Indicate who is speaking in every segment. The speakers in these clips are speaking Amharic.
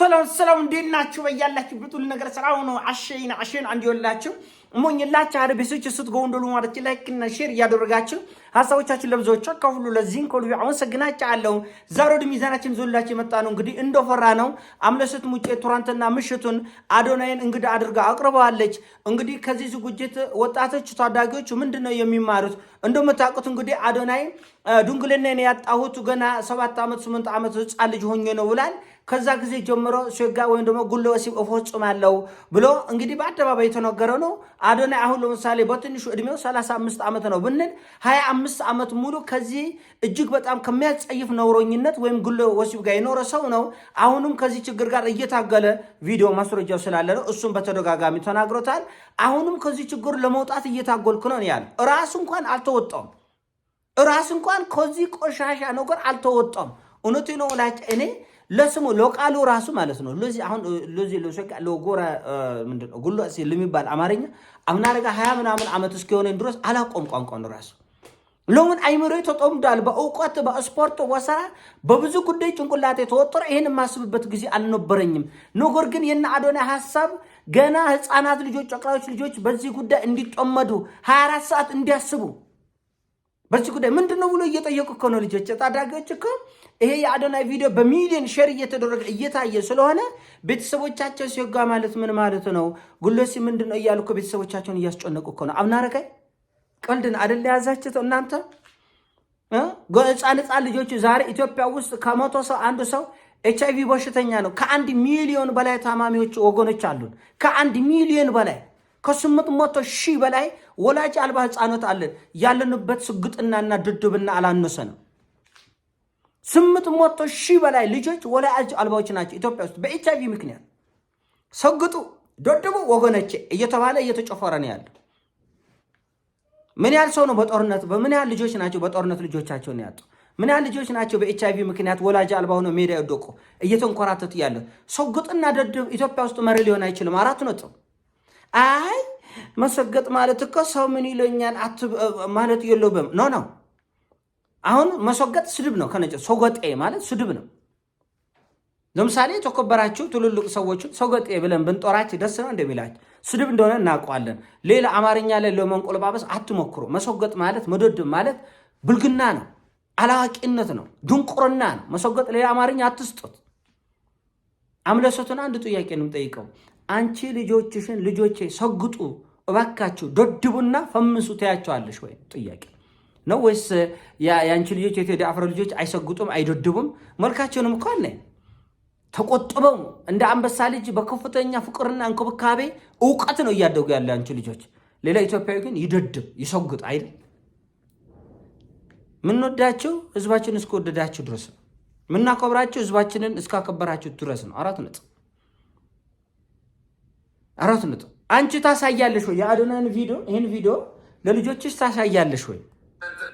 Speaker 1: ሰላም ሰላም፣ እንዴት ናችሁ? በያላችሁበት ሁሉ ነገር ሰላም ነው። አሸይን አሸይን አንድ ይወላችሁ ሞኝላችሁ አረቤሶች እሱት ጎንዶሉ ማለት ላይክ እና ሼር እያደረጋችሁ ሀሳቦቻችን ለብዙዎች አካፍሉ። ለዚህን ኮሉ አመሰግናችኋለሁ። ዛሬ ወደ ሚዛናችን ዞላችሁ የመጣ ነው እንግዲህ እንደፈራ ነው። አምለሰት ሙጬ ትናንትና ምሽቱን አዶናይን እንግዳ አድርጋ አቅርበዋለች። እንግዲህ ከዚህ ዝግጅት ወጣቶች ታዳጊዎች ምንድን ነው የሚማሩት? እንደምታውቁት እንግዲህ አዶናይ ድንግልናዬን ያጣሁት ገና ሰባት ዓመት ስምንት ዓመት ህፃን ልጅ ሆኜ ነው ብላል። ከዛ ጊዜ ጀምሮ ሸጋ ወይም ደግሞ ጉሎ ወሲብ እፈጽማለሁ ብሎ እንግዲህ በአደባባይ የተነገረ ነው። አዶናይ አሁን ለምሳሌ በትንሹ እድሜው 35 ዓመት ነው ብንል 25 ዓመት ሙሉ ከዚህ እጅግ በጣም ከሚያጸይፍ ነውረኝነት ወይም ጉሎ ወሲብ ጋር የኖረ ሰው ነው። አሁንም ከዚህ ችግር ጋር እየታገለ ቪዲዮ ማስረጃው ስላለ ነው። እሱም በተደጋጋሚ ተናግሮታል። አሁንም ከዚህ ችግር ለመውጣት እየታገልኩ ነው ያል ራሱ እንኳን አልተወጣም። ራሱ እንኳን ከዚህ ቆሻሻ ነገር አልተወጣም። እውነቱ ነው ላጭ እኔ ለስሙ ለቃሉ ራሱ ማለት ነው ለዚ አሁን ለዚ ለሸቃ ለጎራ ምንድነው ጉሎ እሲ ለሚባል አማርኛ አምና ረጋ ሀያ ምናምን ዓመት እስኪሆነኝ ድረስ አላቆም ቋንቋን ራሱ ለምን አይምሮዬ ተጠምዷል። በእውቀት በስፖርት ወሰራ በብዙ ጉዳይ ጭንቅላቴ ተወጥሮ ይህን የማስብበት ጊዜ አልነበረኝም። ነገር ግን የነ አዶና ሀሳብ ገና ህፃናት ልጆች፣ ጨቅላዎች ልጆች በዚህ ጉዳይ እንዲጠመዱ 24 ሰዓት እንዲያስቡ በዚህ ጉዳይ ምንድነው ብሎ እየጠየቁ እኮ ነው ልጆች ታዳጊዎች እኮ ይሄ የአዶናይ ቪዲዮ በሚሊዮን ሼር እየተደረገ እየታየ ስለሆነ ቤተሰቦቻቸው ሲወጋ ማለት ምን ማለት ነው? ጉሎሲ ምንድን ነው እያሉ ቤተሰቦቻቸውን እያስጨነቁ እኮ ነው። አብናረጋይ ቀልድን አደለ ያዛችሁት እናንተ ህፃን ህፃን ልጆቹ ዛሬ ኢትዮጵያ ውስጥ ከመቶ ሰው አንዱ ሰው ኤች አይቪ በሽተኛ ነው። ከአንድ ሚሊዮን በላይ ታማሚዎች ወገኖች አሉን። ከአንድ ሚሊዮን በላይ ከስምንት መቶ ሺህ በላይ ወላጅ አልባ ህፃኖት አለን። ያለንበት ስግጥናና ድድብና አላነሰ ነው። ስምንት መቶ ሺህ በላይ ልጆች ወላጅ አልባዎች ናቸው ኢትዮጵያ ውስጥ በኤች አይቪ ምክንያት። ሰግጡ ደድቡ ወገኖቼ እየተባለ እየተጨፈረ ነው ያለው። ምን ያህል ሰው ነው በጦርነት በምን ያህል ልጆች ናቸው በጦርነት ልጆቻቸውን ያጡ? ምን ያህል ልጆች ናቸው በኤች አይቪ ምክንያት ወላጅ አልባ ሆነው ሜዳ የወደቁ እየተንኮራተቱ ያለ ሰግጡና ደድብ ኢትዮጵያ ውስጥ መሪ ሊሆን አይችልም። አራት ነጥብ። አይ መሰገጥ ማለት እኮ ሰው ምን ይለኛል ማለት የለውም ኖ ነው አሁን መሶገጥ ስድብ ነው። ከነጭ ሶገጤ ማለት ስድብ ነው። ለምሳሌ የተከበራችሁ ትልልቅ ሰዎችን ሶገጤ ብለን ብንጦራች ደስ ነው እንደሚላች ስድብ እንደሆነ እናውቀዋለን። ሌላ አማርኛ ላይ ለመንቆልባበስ አትሞክሩ። መሶገጥ ማለት መደድብ ማለት ብልግና ነው፣ አላዋቂነት ነው፣ ድንቁርና ነው። መሶገጥ ሌላ አማርኛ አትስጡት። አምለሶትን አንድ ጥያቄ ነው የምጠይቀው። አንቺ ልጆችሽን ልጆቼ ሰግጡ እባካችሁ ደድቡና ፈምሱ ትያቸዋለሽ ወይ? ጥያቄ ነው ወይስ የአንቺ ልጆች የቴዲ አፍሮ ልጆች አይሰግጡም፣ አይደድቡም? መልካቸውንም እኮ አለ ተቆጥበው እንደ አንበሳ ልጅ በከፍተኛ ፍቅርና እንክብካቤ እውቀት ነው እያደጉ ያለ አንቺ ልጆች። ሌላ ኢትዮጵያዊ ግን ይደድብ ይሰግጥ አይደል? ምንወዳቸው ህዝባችን እስከወደዳቸው ድረስ ነው። ምናከብራቸው ህዝባችንን እስካከበራቸው ድረስ ነው። አራት ነጥብ አራት ነጥብ። አንቺ ታሳያለሽ ወይ የአዶናን ቪዲዮ ይህን ቪዲዮ ለልጆችሽ ታሳያለሽ ወይ?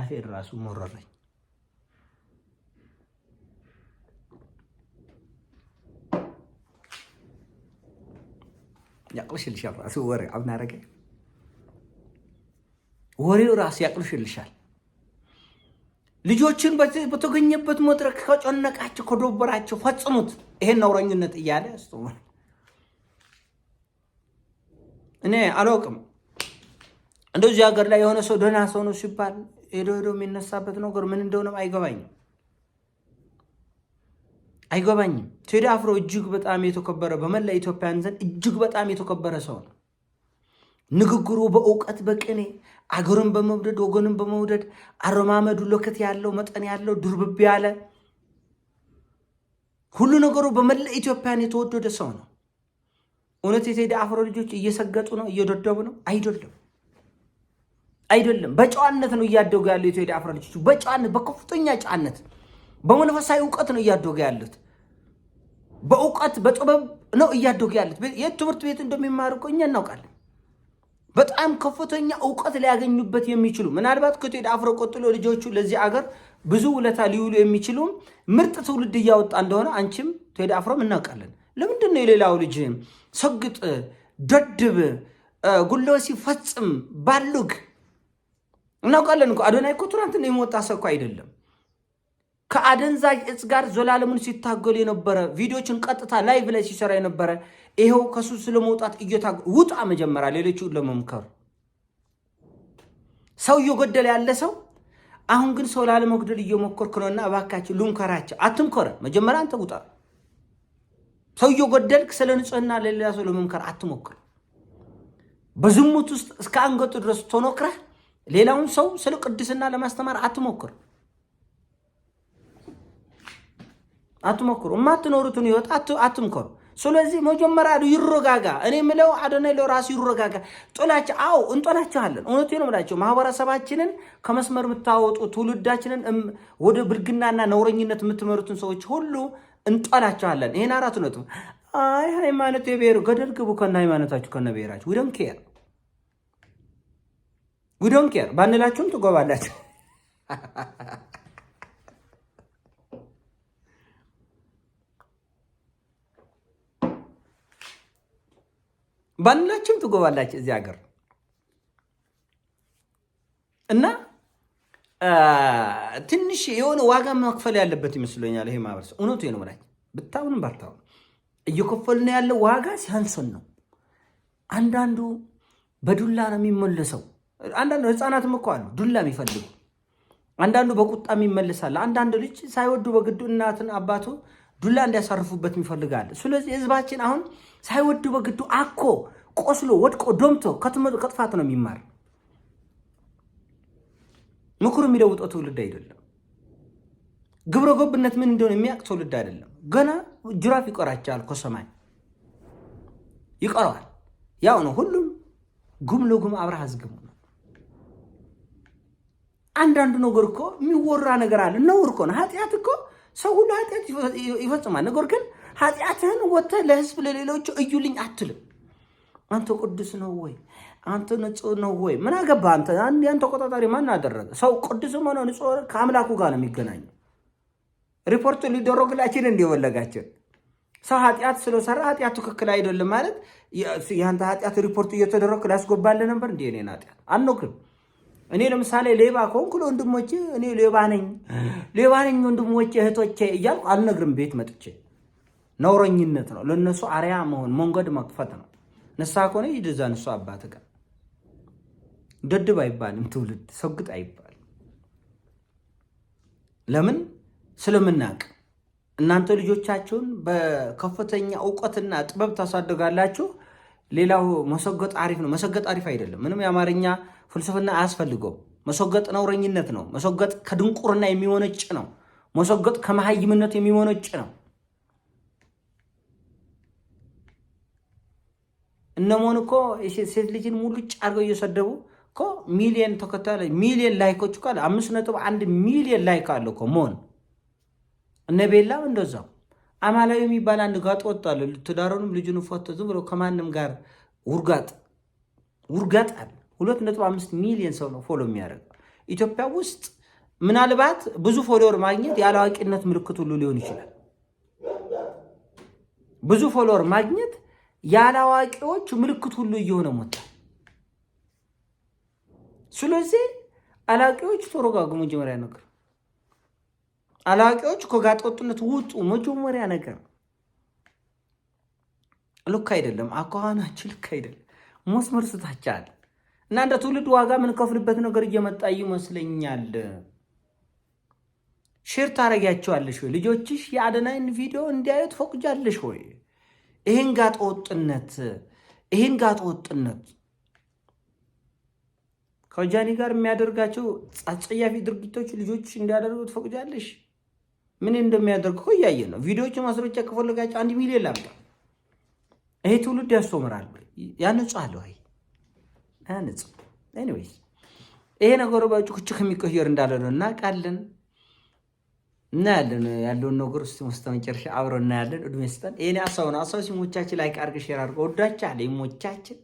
Speaker 1: አፌን ራሱ ሞረረኝ። ያቅልሽልሻል ራሱ ወሬ አብና ረገ ወሬው ራሱ ያቅልሽልሻል። ልጆችን በተገኘበት መድረክ ከጨነቃቸው ከዶበራቸው ፈጽሙት ይሄን ነውረኝነት እያለ እኔ አላውቅም። እንደዚህ ሀገር ላይ የሆነ ሰው ደህና ሰው ነው ሲባል ሄዶ ሄዶ የሚነሳበት ነገር ምን እንደሆነም አይገባኝም አይገባኝም። ቴዲ አፍሮ እጅግ በጣም የተከበረ በመላ ኢትዮጵያን ዘንድ እጅግ በጣም የተከበረ ሰው ነው። ንግግሩ በእውቀት በቅኔ አገሩን በመውደድ ወገንን በመውደድ አረማመዱ ሎከት ያለው መጠን ያለው ድርብብ ያለ ሁሉ ነገሩ በመላ ኢትዮጵያን የተወደደ ሰው ነው። እውነት የቴዲ አፍሮ ልጆች እየሰገጡ ነው፣ እየደደቡ ነው። አይደለም። አይደለም። በጨዋነት ነው እያደጉ ያለው ኢትዮ አፍራ ልጆች በጨዋነት በከፍተኛ ጨዋነት በመንፈሳዊ እውቀት ነው እያደጉ ያሉት። በእውቀት በጥበብ ነው እያደጉ ያሉት። የት ትምህርት ቤት እንደሚማሩ እኮ እኛ እናውቃለን። በጣም ከፍተኛ እውቀት ሊያገኙበት የሚችሉ ምናልባት ከኢትዮ አፍሮ ቆጥሎ ልጆቹ ለዚህ አገር ብዙ ውለታ ሊውሉ የሚችሉ ምርጥ ትውልድ እያወጣ እንደሆነ አንቺም ኢትዮ አፍሮ እናውቃለን። ለምንድን ነው የሌላው ልጅ ሰግጥ፣ ደድብ፣ ጉሎ ሲፈጽም ባሉግ እናውቃለን እኮ አዶናይ እኮ ነው የመወጣ ሰው እኮ አይደለም። ከአደንዛዥ እጽ ጋር ዘላለሙን ሲታገሉ የነበረ ቪዲዮችን ቀጥታ ላይቭ ላይ ሲሰራ የነበረ ይኸው ከሱ ስለመውጣት እየታ ውጣ መጀመሪያ ሌሎች ለመምከሩ ሰው እየጎደለ ያለ ሰው አሁን ግን ሰው ላለመጉደል እየሞከርክ ነውና እባካቸው ልምከራቸው። አትምከረ መጀመሪያ አንተ ውጣ። ሰው እየጎደልክ ስለ ንጽህና ለሌላ ሰው ለመምከር አትሞክር። በዝሙት ውስጥ እስከ አንገቱ ድረስ ተኖክረህ ሌላውን ሰው ስለ ቅድስና ለማስተማር አትሞክር አትሞክሩ። የማትኖሩትን ህይወት አትምከሩ። ስለዚህ መጀመሪያ ይረጋጋ። እኔ ምለው አዶናይ ለራሱ ይረጋጋ። ጥላቻ አዎ እንጠላችኋለን። እውነቱ ነው ምላቸው። ማህበረሰባችንን ከመስመር የምታወጡ ትውልዳችንን ወደ ብልግናና ነውረኝነት የምትመሩትን ሰዎች ሁሉ እንጠላችኋለን። ይሄን አራት ነጥብ አይ ሃይማኖት የብሔሩ ገደል ግቡ። ከነ ሃይማኖታችሁ ከነ ብሔራችሁ ውደን ኬር ዊዶን ኬር ባንላችሁም ትጎባላችሁ። ባንላችሁም ትጎባላችሁ እዚህ ሀገር እና ትንሽ የሆነ ዋጋ መክፈል ያለበት ይመስለኛል ይሄ ማህበረሰብ። እውነቱ ነው ላ ብታሁንም ባርታሁን እየከፈልን ያለው ዋጋ ሲያንሰን ነው። አንዳንዱ በዱላ ነው የሚመለሰው። አንዳንድ ህፃናትም እኮ አሉ ዱላ የሚፈልጉ አንዳንዱ በቁጣም ይመልሳል። አንዳንድ ልጅ ሳይወዱ በግዱ እናትን አባቱ ዱላ እንዲያሳርፉበት ይፈልጋል። ስለዚህ ህዝባችን አሁን ሳይወዱ በግዱ አኮ ቆስሎ ወድቆ ዶምቶ ከጥፋት ነው የሚማር። ምኩር የሚለውጠው ትውልድ አይደለም። ግብረ ገብነት ምን እንደሆነ የሚያውቅ ትውልድ አይደለም። ገና ጅራፍ ይቆራቸዋል ከሰማይ ይቀረዋል። ያው ነው ሁሉም ጉም ለጉም አብረሃ ዝግሙ አንዳንዱ ነገር እኮ የሚወራ ነገር አለ። ነውር እኮ ነው። ኃጢአት እኮ ሰው ሁሉ ኃጢአት ይፈጽማል። ነገር ግን ኃጢአትህን ወጥተህ ለህዝብ ለሌሎቹ እዩልኝ አትልም። አንተ ቅዱስ ነው ወይ? አንተ ንጹህ ነው ወይ? ምን አገባ አንተ? ያንተ ቆጣጣሪ ማን አደረገ? ሰው ቅዱስ ሆነ ንጹህ ከአምላኩ ጋር ነው የሚገናኘው። ሪፖርት ሊደረግላችን እንዲወለጋችን ሰው ኃጢአት ስለሰራ ኃጢአት ትክክል አይደለም ማለት የአንተ ኃጢአት ሪፖርት እየተደረግ ላስጎባለ ነበር እንዲ ኔን ኃጢአት አንኖግርም እኔ ለምሳሌ ሌባ ከሆንኩ ለወንድሞቼ እኔ ሌባ ነኝ ሌባ ነኝ ወንድሞቼ እህቶቼ እያልኩ አልነግርም። ቤት መጥቼ ነውረኝነት ነው። ለእነሱ አርያ መሆን መንገድ መክፈት ነው። ንሳ ከሆነ ይድዛ ንሱ አባት ጋር ደድብ አይባልም። ትውልድ ሰግጥ አይባልም። ለምን ስለምናቅ እናንተ ልጆቻችሁን በከፍተኛ እውቀትና ጥበብ ታሳድጋላችሁ። ሌላው መሰገጥ አሪፍ ነው። መሰገጥ አሪፍ አይደለም። ምንም የአማርኛ ፍልስፍና አያስፈልገው መሰገጥ ነውረኝነት ነው። መሰገጥ ከድንቁርና የሚወነጭ ነው። መሰገጥ ከመሀይምነት የሚወነጭ ነው። እነሞን እኮ ሴት ልጅን ጭ አድርገው እየሰደቡ እኮ ሚሊየን ተከታይ ሚሊየን ላይኮች አምስት ነጥብ አንድ ሚሊየን ላይክ አለ እኮ ሞን እነ ቤላም እንደዛው አማላዊ የሚባል አንድ ጋጥ ወጣለ። ትዳሩንም ልጁን ፎቶ ዝም ብሎ ከማንም ጋር ውርጋጥ ውርጋጥ አለ። ሁለት ነጥብ አምስት ሚሊዮን ሰው ነው ፎሎ የሚያደርገው ኢትዮጵያ ውስጥ። ምናልባት ብዙ ፎሎወር ማግኘት የአላዋቂነት ምልክት ሁሉ ሊሆን ይችላል። ብዙ ፎሎወር ማግኘት የአላዋቂዎች ምልክት ሁሉ እየሆነ ሞታ። ስለዚህ አላዋቂዎች ተረጋጉ። መጀመሪያ ነገር አላዋቂዎች ከጋጠወጥነት ውጡ። መጀመሪያ ነገር ልክ አይደለም፣ አኳኋናችን ልክ አይደለም። መስመር ስታቻል እና እንደ ትውልድ ዋጋ ምንከፍልበት ነገር እየመጣ ይመስለኛል። ሼር ታደርጊያቸዋለሽ ወይ? ልጆችሽ የአደናይን ቪዲዮ እንዲያዩት ፈቅጃለሽ ወይ? ይህን ጋጠወጥነት ይህን ጋጠወጥነት ከጃኒ ጋር የሚያደርጋቸው አጸያፊ ድርጊቶች ልጆች እንዲያደርጉት ፈቅጃለሽ? ምን እንደሚያደርግ እኮ እያየን ነው። ቪዲዮዎቹ ማስረጃ ከፈለጋቸው አንድ ሚሊዮን ላምጣ። ይሄ ትውልድ ያስተምራል፣ ያነጻለሁ። አይ ያነጽ ኤኒዌይስ ይሄ ነገሩ በጭኩች ከሚቀየር እንዳለ ነው እናውቃለን፣ እናያለን። ያለውን ነገር ስ ውስጥ መጨረሻ አብረ እናያለን። እድሜ ስጠን። ይሄኔ አሳውን አሳው ሲሞቻችን ላይክ አድርገህ ሼር አድርገህ ወዳቻ ለይሞቻችን